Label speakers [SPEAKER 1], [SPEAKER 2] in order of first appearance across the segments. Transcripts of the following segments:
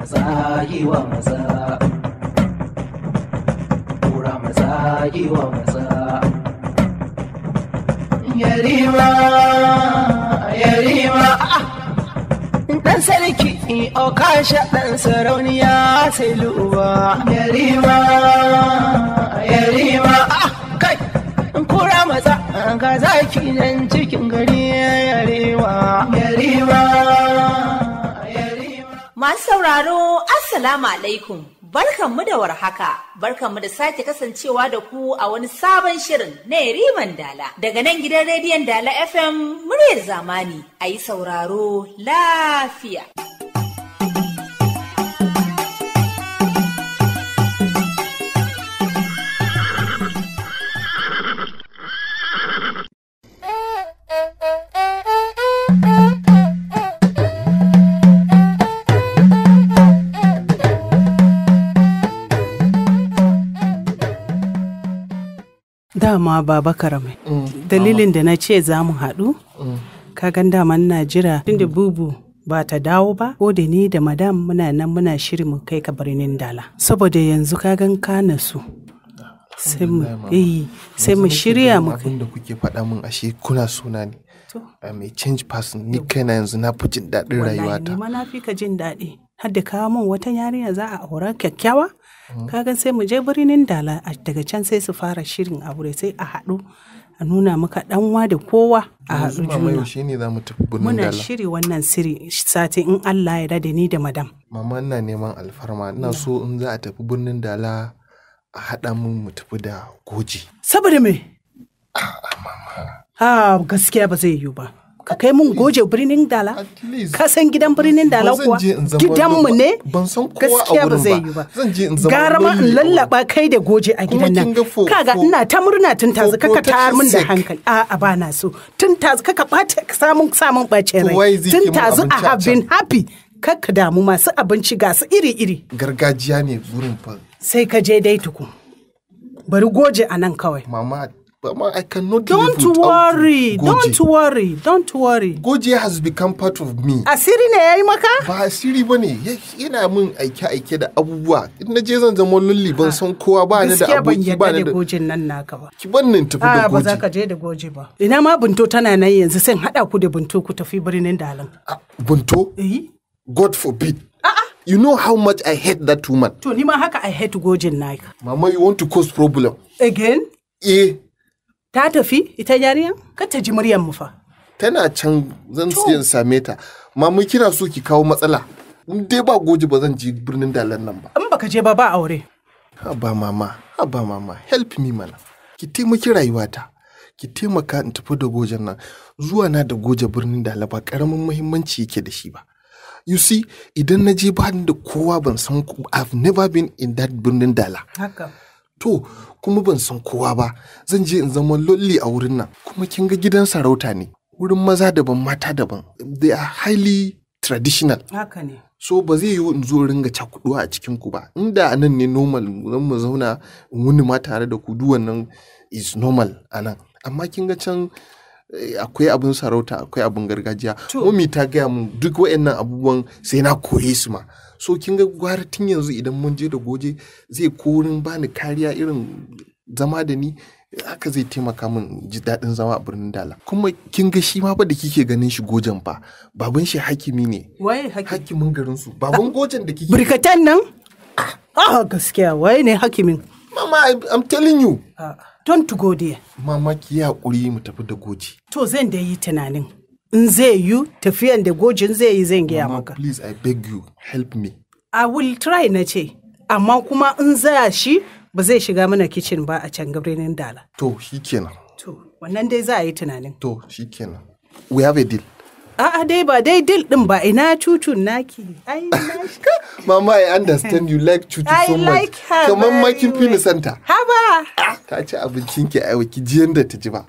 [SPEAKER 1] maza yi wa maza kura maza yi wa maza
[SPEAKER 2] yarima yarima dan sarki o kasha dan sarauniya sai luwa yarima
[SPEAKER 3] yarima
[SPEAKER 2] ah, kai kura maza ga zaki nan cikin gari yarima yarima Masu sauraro, Assalamu alaikum, barkanmu da warhaka, barkanmu da sake kasancewa da ku a wani sabon shirin na Riman Dala. Daga nan gidan rediyon Dala FM muryar zamani, a yi sauraro lafiya.
[SPEAKER 3] dama baba karame mm. dalilin da na ce za mu haɗu mm. kagan daman na jira da bubu ba ta dawo ba ko da ni da madam muna nan muna shirin mu kai ka birnin dala saboda yanzu kagan kana su sai mu eh,
[SPEAKER 4] sai mu shirya mu kai da kuke faɗa mun ashe kuna suna ne ah, mai change person ni kaina yanzu na fi jin daɗin rayuwata
[SPEAKER 3] wallahi ma na fi ka jin daɗi har da kawo min wata yarinya za a aura kyakkyawa Mm. kagan sai mu je birnin dala daga can sai su fara shirin aure sai a haɗu a nuna maka ɗanwa da kowa a haɗu juna muna shiri wannan siri sati in Allah ya da ni da madam
[SPEAKER 4] mama ina neman alfarma ina so in za a tafi birnin dala a haɗa mun mu tafi da goji
[SPEAKER 3] saboda me ha ah, gaskiya ba zai yiwu ba ka kai mun goje birnin dala ka san gidan birnin dala kuwa gidanmu ne gaskiya ba zai yi ba
[SPEAKER 4] gara ma in
[SPEAKER 3] lallaba kai da goje a gidan nan kaga ina ta murna tun tazu kaka tayar min da hankali a ba na so tun tazu kaka bace samun samun bace rai tun tazu i have been happy kakka damu masu abinci ga su iri iri gargajiya ne burin fa sai ka je dai tuku bari goje a nan kawai mama I cannot Don't worry. Don't worry. Don't
[SPEAKER 4] worry. Goje has become part of me. Asiri ne yayi maka? Ba asiri bane. Yana min aike aike da abubuwa. In na je zan zama lulli ban san kowa ba ni da aboki ba ni da gojin
[SPEAKER 3] nan naka ba. Ki ban nan tafi da goje. ba za ka je da goje ba. Ina ma bunto tana nan yanzu sai hada ku da bunto ku tafi birnin Dalan. Bunto? Eh. God forbid. You know how much I hate that woman. To ni ma haka I hate gojin naka. Mama you want to cause problem.
[SPEAKER 4] Again? Eh. ta tafi ita yarinya ka ta ji muryan mu fa tana can zan siyan same ta ma mun kina so ki kawo matsala in dai ba goji ba zan ji birnin dalan nan ba in baka je ba ba aure ba mama ba mama help me mana ki taimaki rayuwata ki taimaka in tafi da gojen nan zuwa na da goje birnin dala ba karamin muhimmanci yake da shi ba you see idan na je ba da kowa ban san i've never been in that birnin dala haka to kuma ban san kowa ba zan je in zama lolli a wurin nan kuma kin ga gidan sarauta ne wurin maza daban mata daban they are highly traditional haka ne so ba zai yiwu in zo ringa cakuduwa a cikin ku ba inda a nan ne normal zan mu zauna in wuni ma tare da ku duk wannan is normal a nan amma kin ga can eh, akwai abin sarauta akwai abin gargajiya mi ta gaya mun duk waɗannan abubuwan sai na koye su ma so kin ga gwara tun yanzu idan mun je da goje zai korin bani kariya irin zama da ni haka zai taimaka min ji daɗin zama a birnin dala kuma kin ga shi ma ba da kike ganin shi gojan fa baban shi hakimi ne waye hakimin garin su baban gojan da kike birkatan nan ah. ah gaskiya waye ne hakimin mama i'm telling you
[SPEAKER 3] ah, don to go there mama ki hakuri mu tafi da goje. to zan da yi tunanin in zai yi tafiyan da gojin zai yi zan gaya maka please i
[SPEAKER 4] beg you help me
[SPEAKER 3] i will try na ce amma kuma in zaya shi ba zai shiga mana kicin ba a can birnin dala
[SPEAKER 4] to kenan.
[SPEAKER 3] to wannan dai za a yi tunanin
[SPEAKER 4] to kenan. we have a deal
[SPEAKER 3] A'a dai ba dai deal din ba ina cucun naki.
[SPEAKER 4] Mama I understand you like cucu so much. I like her. Kamar makin fini santa. Haba. Ta ah, ci abincin ki yau ki ji yanda ta ji ba.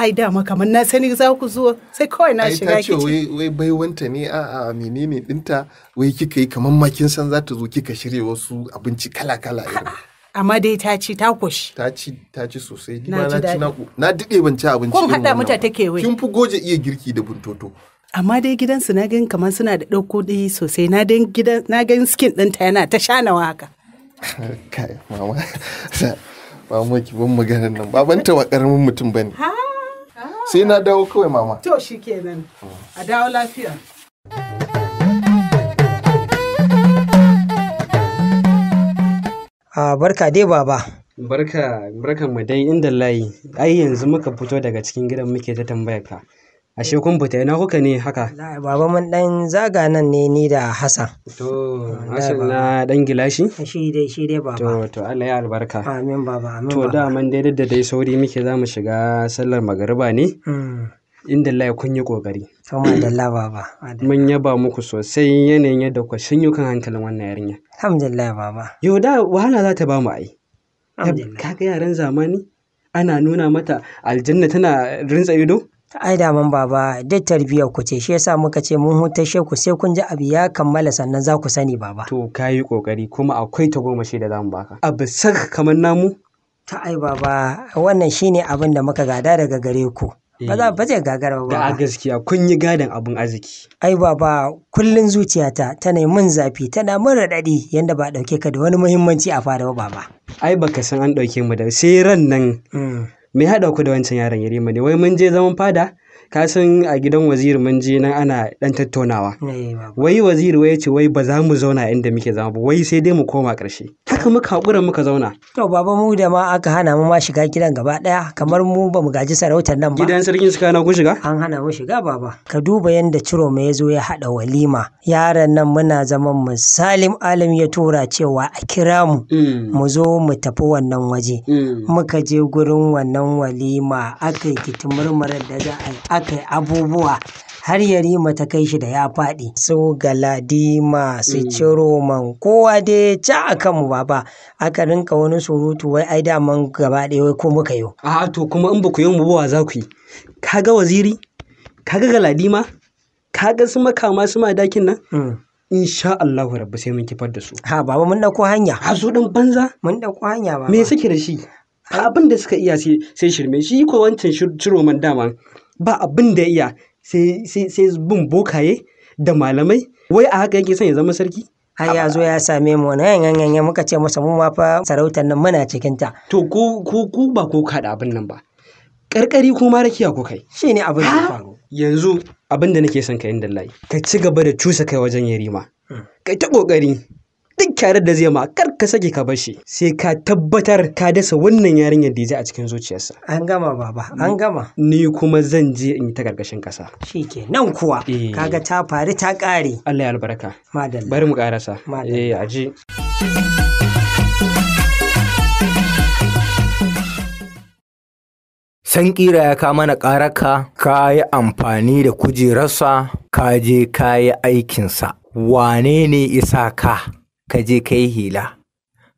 [SPEAKER 3] ai dama kamar na sani za ku zo sai kawai na shiga kici wai
[SPEAKER 4] wai baiwanta ne a a menene dinta wai kika yi kamar makin san za ta zo kika shirya wasu abinci kala kala irin amma dai ta ci ta kushi. ta ci ta ci sosai na ci na na dade ban ci abinci kun hada mata take wai kin fi goje iya girki da buntoto
[SPEAKER 3] amma dai gidansu na gan kamar suna da ɗauko ɗaya sosai na dan gidan na gan skin ɗinta yana ta shanawa haka
[SPEAKER 4] kai mama mama ki ban maganar nan babanta wa karamin mutum bane sai na dawo kawai mama
[SPEAKER 3] to shi kenan a dawo lafiya
[SPEAKER 5] a ah, barka dai baba
[SPEAKER 6] barka barkan mu inda layi ai yanzu muka fito daga cikin gidan muke ta tambayar ka Ashe kun fita ina kuka ne haka?
[SPEAKER 5] Baba mun ɗan zaga nan ne ni da Hassan.
[SPEAKER 6] To, Hassan na ɗan gilashi? Shi dai, shi dai baba. To, to Allah ya albarka. Amin baba, amin To, da man dai da dai sauri muke za mu shiga sallar magariba ne? Hmm. Inda Allah kun yi ƙoƙari. To, Allah baba. Mun yaba muku sosai yanayin yadda ku shin kan hankalin wannan yarinya. Alhamdulillah baba. Yau da wahala za ta ba mu ai. Alhamdulillah. Kaga yaran zamani ana nuna mata aljanna tana rintsa ido? ai
[SPEAKER 5] daman baba duk tarbiyyar ku ce shi yasa muka ce mun hutashe ku sai kun ji abu ya kammala sannan za
[SPEAKER 6] ku sani baba to kayi kokari kuma akwai ta shi da zamu baka abu sak kamar namu
[SPEAKER 5] ta ai baba wannan shine abin da muka gada daga gare ku ba za eh. ba zai gagara ba Ga gaskiya kun yi gadon abin arziki ai baba kullum zuciyata tana min zafi tana min raɗaɗi, yanda ba dauke ka da wani muhimmanci a fara ba baba
[SPEAKER 6] ai baka san an ɗauke mu da sai ran nan mm. me haɗa ku da wancan yaron Yarima ne wai mun je zaman fada ka san a gidan waziri mun je nan ana dan tattaunawa eh, wai waziri wai ya ce wai ba za mu zauna inda muke zama ba wai sai dai mu koma ƙarshe haka muka haƙura muka zauna to baba mu da
[SPEAKER 5] ma aka hana mu ma shiga gidan gaba ɗaya kamar mu ba mu gaji sarautar nan ba gidan
[SPEAKER 6] sarkin suka hana ku shiga
[SPEAKER 5] an hana mu shiga baba ka duba yanda ciro ya zo ya haɗa walima yaran nan muna zaman salim alim ya tura cewa a kira mu mm. mu zo mu tafi wannan waje mm. muka je gurin wannan walima aka yi kitimurmurar da za a yi aka yi abubuwa har Yarima ta kai shi da ya faɗi. Su Galadima, su mm. ciro man kowa dai ca a mu baba. Aka rinka wani surutu wai ai
[SPEAKER 6] daman gaba ɗaya wai ko muka yi. A'a to kuma in ba ku yi mu ba za ku yi. Ka ga waziri? Ka ga Galadima? Ka ga su makama su ma dakin nan? Mm. insha Allahu rabbi sai mun kifar da su. Ha baba mun ɗauko hanya. Ha su ɗin banza? Mun ɗauko hanya baba. Me suke da shi? Abin da suka iya sai shirme shi ko wancan ciro man dama ba abin da iya sai bin bokaye da malamai wai a haka yake son ya zama
[SPEAKER 5] sarki har ya zo ya same mu wani yan yan muka ce masa mu ma fa sarautar nan muna cikin ta
[SPEAKER 6] to ku ku ba ku kada abin nan ba karkari ko rakiya ko kai shine abin da faru yanzu abin da nake son ka yin ka ci gaba da cusa kai wajen yarima hmm. kai ta kokari duk kyarar da zai ma kar ka sake ka bashi sai ka tabbatar ka dasa wannan yarinyar da a cikin zuciyarsa
[SPEAKER 5] an gama baba an
[SPEAKER 6] gama ni kuma zan je in yi ta karkashin kasa shike nan kuwa eh. kaga ta faru ta kare Allah ya albarka madalla bari
[SPEAKER 5] mu
[SPEAKER 7] karasa eh san ƙira ya kama na ƙaraka. ka yi amfani da kujerarsa ka je ka yi aikinsa wane ne isa ka ka je ka yi hila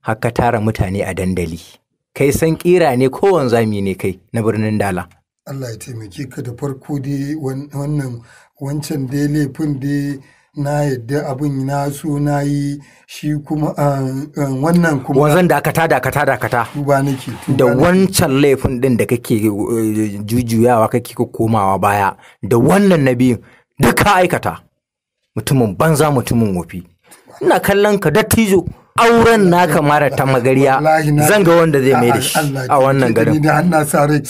[SPEAKER 7] haka tara mutane a dandali kai san kira ne kowane zami ne kai na birnin dala
[SPEAKER 1] Allah ya taimake ka da farko dai wannan wancan dai laifin dai na yadda abin na so na yi shi kuma wannan kuma Wazan
[SPEAKER 7] da wanzan dakata dakata dakata tuba
[SPEAKER 1] nake da
[SPEAKER 7] wancan laifin din da kake eh, jujuyawa kake komawa baya da wannan na biyun duka aikata mutumin banza mutumin wofi ina kallon ka dattijo auren naka mara ta magariya zan ga wanda zai mai da shi a wannan garin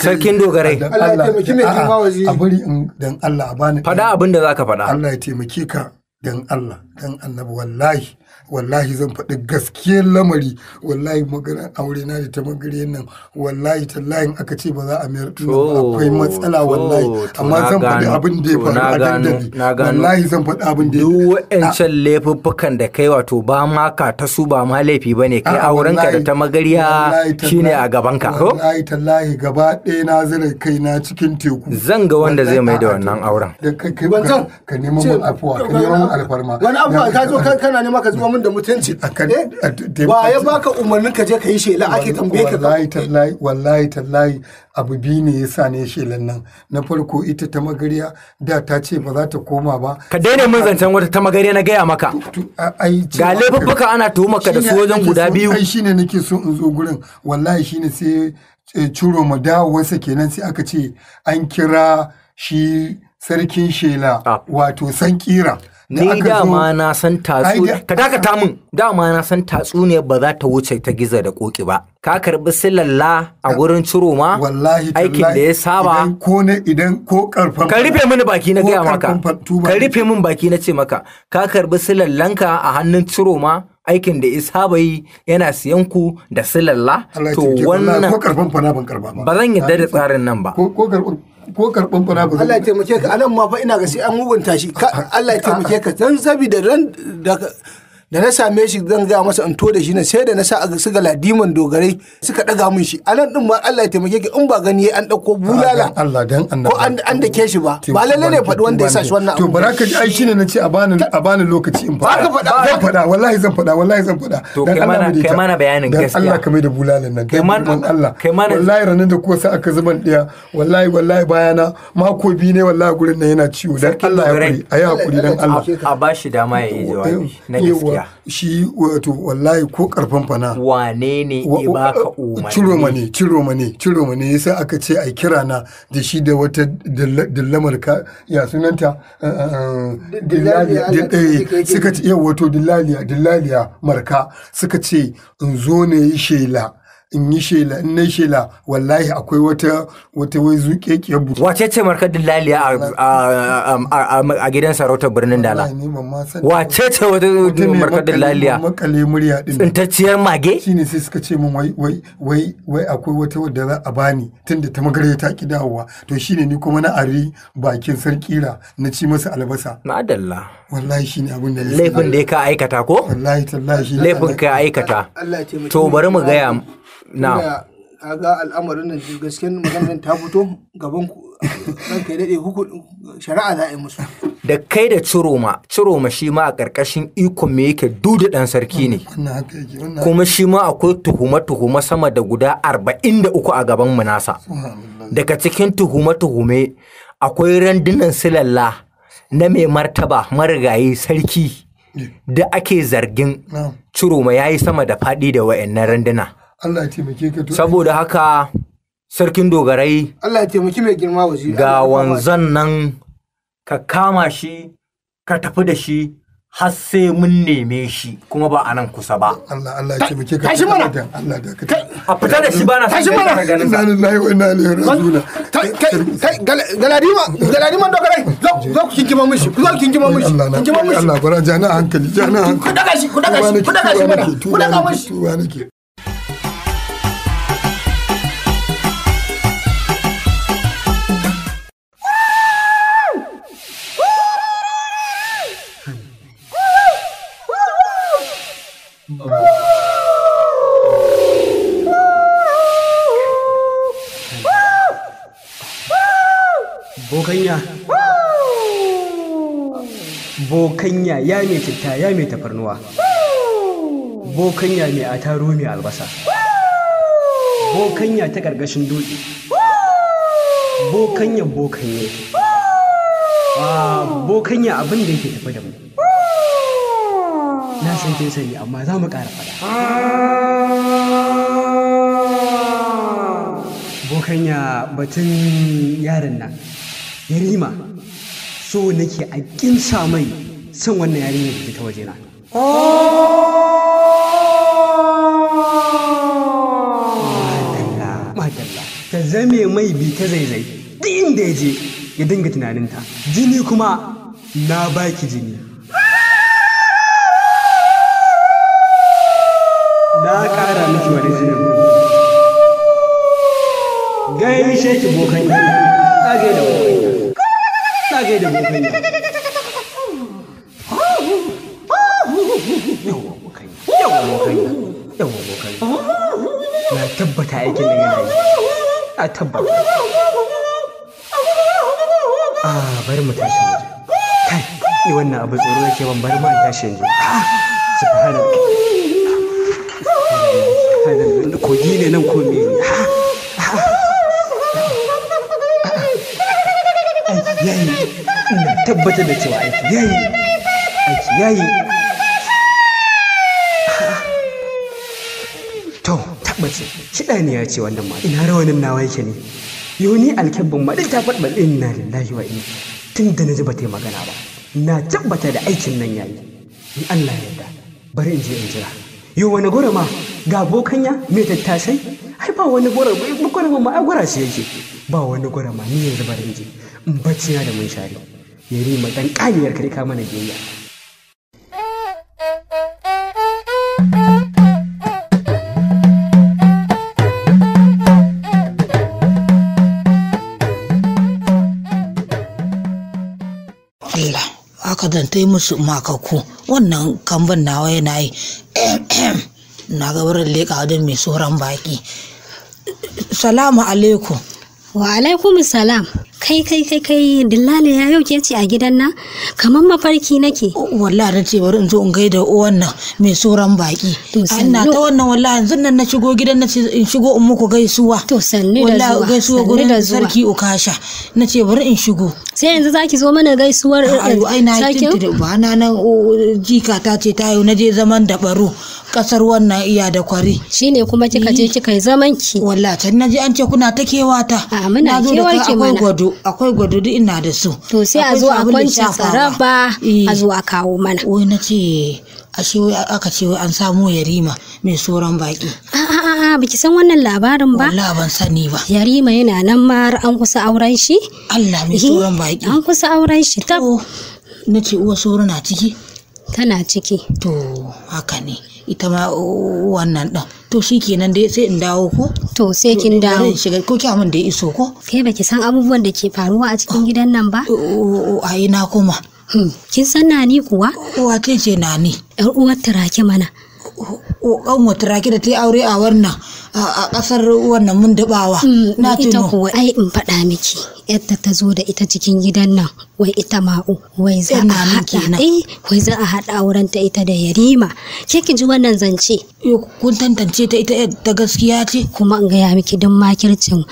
[SPEAKER 7] sarkin dogarai a
[SPEAKER 1] bari in dan Allah a bani fada abin da zaka fada Allah ya taimake ka dan Allah dan annabi wallahi wallahi zan faɗi gaskiyar lamari wallahi magana aure na da ta magare nan wallahi tallahin aka ce ba za a mayar tuna akwai matsala wallahi amma zan faɗi abin da ya faru a dandali wallahi
[SPEAKER 7] zan faɗi abin da ya duk wa'ancan laifuffukan da kai wato ba ma ka ta su ba ma laifi ba ne kai aurenka da ta magariya shine a gaban ka ko
[SPEAKER 1] wallahi tallahi gaba ɗaya na zira kai na cikin teku zan ga wanda zai mai da wannan auren ka neman afuwa ka neman alfarma wani afuwa ka zo kana neman ka zo zuwa da mutunci ba eh? ya baka umarnin ka je ka yi shela ake tambaye ka wallahi tallahi wallahi tallahi abu biyu ne yasa ne shelan nan na farko ita ta magariya da ta ce ba za ta koma ba ka daina mun
[SPEAKER 7] zancen wata ta magariya na gaya maka ga laifuffuka ana tuhumaka da su wajen guda biyu ai shine
[SPEAKER 1] nake so in zo gurin wallahi shine sai eh, curo ma dawowarsa kenan sai aka ce an kira shi
[SPEAKER 7] sarkin shela ah. wato san kira ni dama na san tatsu ka dakata min dama na san tatsu ne ba za ta wuce ta giza da koki ba ka karbi silalla a gurin ciro ma aikin da ya saba
[SPEAKER 1] ko ne idan ko karfan
[SPEAKER 7] ka rufe mini baki na gaya maka ka rufe min baki na ce maka ka karbi silallanka a hannun ciro ma aikin da isa bai yana siyan ku da silalla to wannan ba zan yarda da tsarin nan ba ko karɓan fara ba Allah ya
[SPEAKER 1] taimake ka anan ma fa ina ga sai an mugunta shi Allah ya taimake ka dan da ran da da na same shi zan gaya masa in to da shi na sai da na sa su ga ladiman dogarai suka daga mun shi anan din ma Allah ya taimake ki in ba gani an dauko ah, bulala Allah dan ko an da ke shi ba ba lalle ne faɗi wanda ya sa shi wannan to baraka ji ai shine nace a bani a bani lokaci in fada ba ka faɗa wallahi zan faɗa wallahi zan faɗa to kai mana kai mana bayanin gaskiya dan Allah ka mai da bulalan nan kai mana Allah wallahi ranan da kuwa sa aka zuban diya wallahi wallahi bayana mako bi ne wallahi gurin nan yana ciwo dan Allah ya kuri ayi hakuri dan Allah
[SPEAKER 7] a bashi dama ya yi jawabi na gaskiya
[SPEAKER 1] shi wato wallahi ko karfan fana wane ne ya baka uh, umarni ciroma ne ciroma ne ciroma ne yasa aka ce ai kira na da shi da wata dillamar ka ya sunanta uh, uh, dillaliya eh, suka ce wato dillaliya dillaliya marka suka ce in zo ne shela in yi shela in na shela wallahi akwai wata wata wai zuƙeƙe
[SPEAKER 7] bu wace ce markar dillaliya a gidan sarautar birnin dala wace ce wata markar dillaliya
[SPEAKER 1] makale murya din tsintacciyar mage shine sai suka ce min wai wai wai wai akwai wata wadda za a bani tunda ta magare ta ki dawowa to shine ni kuma na ari bakin sarkira na ci masa albasa ma'adalla wallahi shine abin da laifin da
[SPEAKER 7] ka aikata ko wallahi tallahi laifin ka aikata to bari mu gaya na ga da kai da ciroma ciroma shi ma a ƙarƙashin ikon me yake dudu ɗan sarki ne kuma shi ma akwai tuhuma tuhume sama da guda arba'in da uku a gaban mu nasa. daga cikin tuhuma tuhume akwai randunan silalla na mai martaba marigayi sarki da ake zargin ciroma ya yi sama da faɗi da wa'annan randuna
[SPEAKER 1] Allah taimake ka to. Saboda
[SPEAKER 7] haka sarkin dogarai.
[SPEAKER 1] Allah taimake mai girma waje Ga wanzan
[SPEAKER 7] nan ka kama shi ka tafi da shi har sai mun neme shi kuma ba a nan kusa ba. Allah Allah taimake ka. Tashi mana. Allah da ka. A fita da shi ba bana. Tashi mana. Inna
[SPEAKER 1] lillahi wa inna ilaihi raji'un. Kai kai galadima galadima dogarai zo ku kinkima mishi ku zo ku kinkima mishi. Kinkima mishi. Allah bara jana hankali jana hankali. Ku daga shi ku daga shi ku daga shi mana. Ku daga mishi.
[SPEAKER 4] bokanya
[SPEAKER 6] bokanya ya mai citta ya mai tafarnuwa bokanya mai ataro mai albasa bokanya ta ƙarƙashin dutse Bokanya bokanye ah, bokanya abin da yake tafi da mu na san kin sani amma za mu ƙara faɗa ah! bokanya batun yaron nan yarima so nake a kinsa mai son wannan yarinyar da ta waje na ta zame mai bi ta zaizai duk da ya je ya dinga tunaninta jini kuma na baki jini
[SPEAKER 7] na kara miki wani jinin gaishe ki bokan ta tsage da bokan na gaida
[SPEAKER 3] bokanya yawa
[SPEAKER 6] tabbata da yana na a ah, mu kai wannan abu tsoro yake ban bari ma in tashi yanzu ah, kogi ne nan ko tabbatar da cewa aiki yi aiki yi to tabbace ɗaya ne ya ce wannan ma ina rawanin nawa yake ne yau ni alkyabbin ma ɗin ta faɗi balle ina lillahi wa ina tun da na ji ba ta yi magana ba na tabbata da aikin nan ya yi. in Allah ya yarda bari in je in jira yau wani gora ma ga abokanya mai tattasai ai ba wani gora ba ma ai gora shi yake ba wani gora ma ni yanzu bari in je in bacci na da mun share yarima dan ƙaniyar kai ka mana biyayya
[SPEAKER 2] Allah haka dan tai musu makaku wannan kamban nawa yana yi na gabar leka wajen mai tsoron baki salamu alaikum wa alaikum salam kai kai kai kai dillale ya yau ke ce a gidan nan kamar mafarki nake wallahi na ce bari in zo in gaida uwan nan mai tsoron baki ina ta wannan wallahi yanzu nan na shigo gidan na ce in shigo in muku gaisuwa to sanni da zuwa gaisuwa gurin sarki ukasha na ce bari in shigo sai yanzu zaki zo mana gaisuwar ai na tinta da ba na nan jika ta ce ta yau na je zaman da baro kasar wannan iya da kwari Shi ne kuma kika je kika yi zaman ki wallahi na ji an ce kuna ta ta. a muna kewake mana akwai gwado akwai gwado duk ina da su to sai a zo a kwanci saraba eh. a zo a kawo mana wai na ce ashe wai aka ce wai an samu yarima mai soron baki a'a biki san wannan labarin ba wallahi ban sani ba yarima yana nan ma an kusa auren shi Allah mai eh, soron baki an kusa auren shi tab na ce uwa soro na ciki tana ciki to haka ne ita ma wannan ɗan to shi kenan dai sai in dawo ko to sai kin dawo shiga ko kya mun da ya iso ko ba ki san abubuwan da ke faruwa a cikin gidan nan ba a ina kuma hmm, kin san nani kuwa wace ce nani yar uwar tarake mana ƙoƙon wata rake da ta yi aure a wannan a ƙasar wannan mun dabawa. Mm, na tuno. Ita kuwa ai in faɗa miki yadda ta zo da ita cikin gidan nan wai ita ma'u oh, wai za a haɗa eh wai za a haɗa auren ta ita da yarima ke ki ji wannan zance. kun tantance ta ita ta gaskiya ce. Kuma in gaya miki don makircin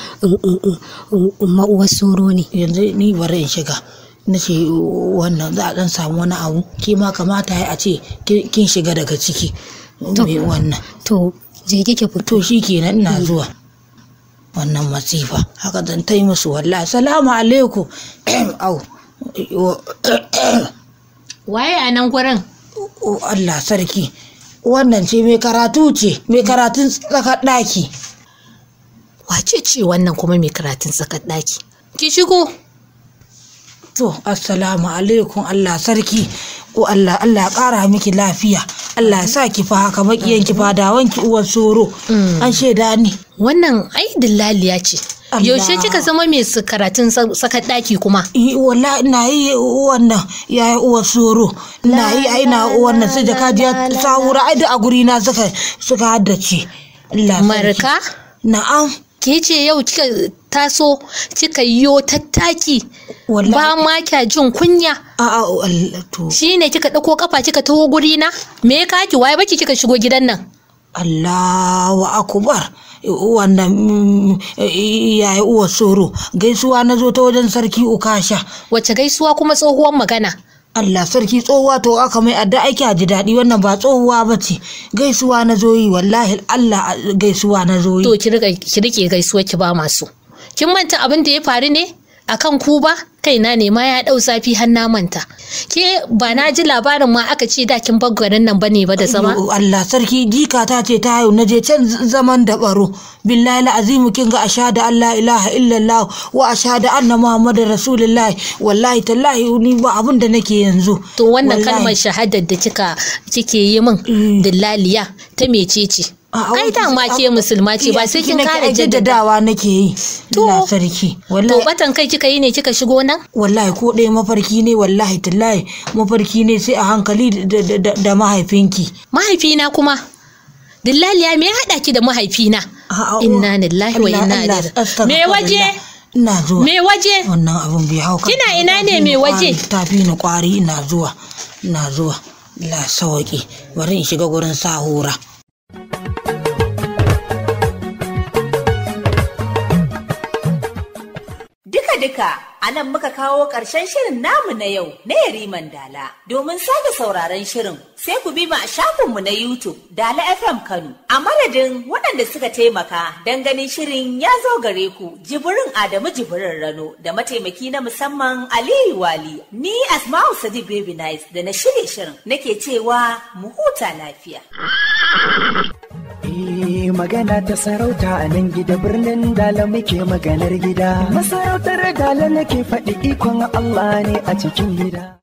[SPEAKER 2] ma'uwar soro ne. Yanzu ni bari in shiga. na ce oh, wannan za a dan samu wani abu kima kamata ya a ce kin shiga daga ciki mai wannan to je kike fito shi kenan ina zuwa wannan masifa haka zan tai musu wallahi salamu alaikum au waye a nan gurin Allah sarki wannan ce mai karatu ce mai karatun tsakar ɗaki wace ce wannan kuma mai karatun tsakar ɗaki ki shigo to assalamu alaikum Allah sarki ko Allah Allah ƙara miki lafiya Allah sa ki fa haka makiyan ki fadawan ki uwar soro mm. an shaida ni wannan ai dillaliya ce yaushe kika zama mai karatun sakar daki kuma wala na yi wannan ya yi uwar soro na yi ai na wannan sai da kajiya sahura ai da a guri na suka suka haddace marka na'am ke ce yau kika taso kika yiwo tattaki ba ma kya jin kunya Shi to shine kika ɗauko kafa kika taho guri na me ka ki waye baki kika shigo gidan nan Allahu akbar wannan mm, yayi uwa soro gaisuwa na zo ta wajen sarki ukasha wace gaisuwa kuma tsohuwar magana Allah sarki tsohuwa to aka mai adda aiki a ji daɗi wannan ba tsohuwa ba ce gaisuwa na yi. wallahi Allah gaisuwa na yi. to ki rike gaisuwa ki ba masu kin manta abin da ya faru ne akan ku ba kaina ne ma ya dau zafi har na manta ke ba na ji labarin ma aka ce dakin bagwarin nan bane ba da zama Allah sarki jika ta ce ta yau naje can zaman da baro billahi la'azimu kin ga ashhadu an la ilaha illallah wa ashhadu anna muhammadar rasulullahi wallahi tallahi ni ba abun da nake yanzu to wannan kalmar shahadar da kika kike yi min eh. dillaliya ta mecece ai ma ke musulma ce ba eh, sai kin kare jaddadawa nake yi to sarki to batan kai kika yi ne kika shigo nan wallahi ko ɗaya mafarki ne wallahi tallahi mafarki ne sai a hankali da mahaifinki mahaifina kuma dillaliya me ya haɗa ki da mahaifina inna lillahi wa inna ilaihi me waje ina zuwa me waje wannan abun bai hauka kina ina ne me waje tafi ni kwari ina zuwa ina zuwa la sauki bari in shiga gurin sahura duka-duka a nan muka kawo ƙarshen shirin namu na yau na Yariman Dala. Domin sake sauraron shirin sai ku bi mu a shafinmu na YouTube Dala FM Kano. A madadin waɗanda suka taimaka don ganin shirin ya zo gare ku jibirin Adamu jibirin Rano da mataimaki na musamman Aliyu Wali. Ni Asma'u Sadiq Baby Nice da na shirye shirin nake cewa mu huta lafiya.
[SPEAKER 7] magana ta sarauta a nan gida birnin dala muke maganar gida. Masarautar dala nake faɗi ikon Allah
[SPEAKER 2] ne a cikin gida.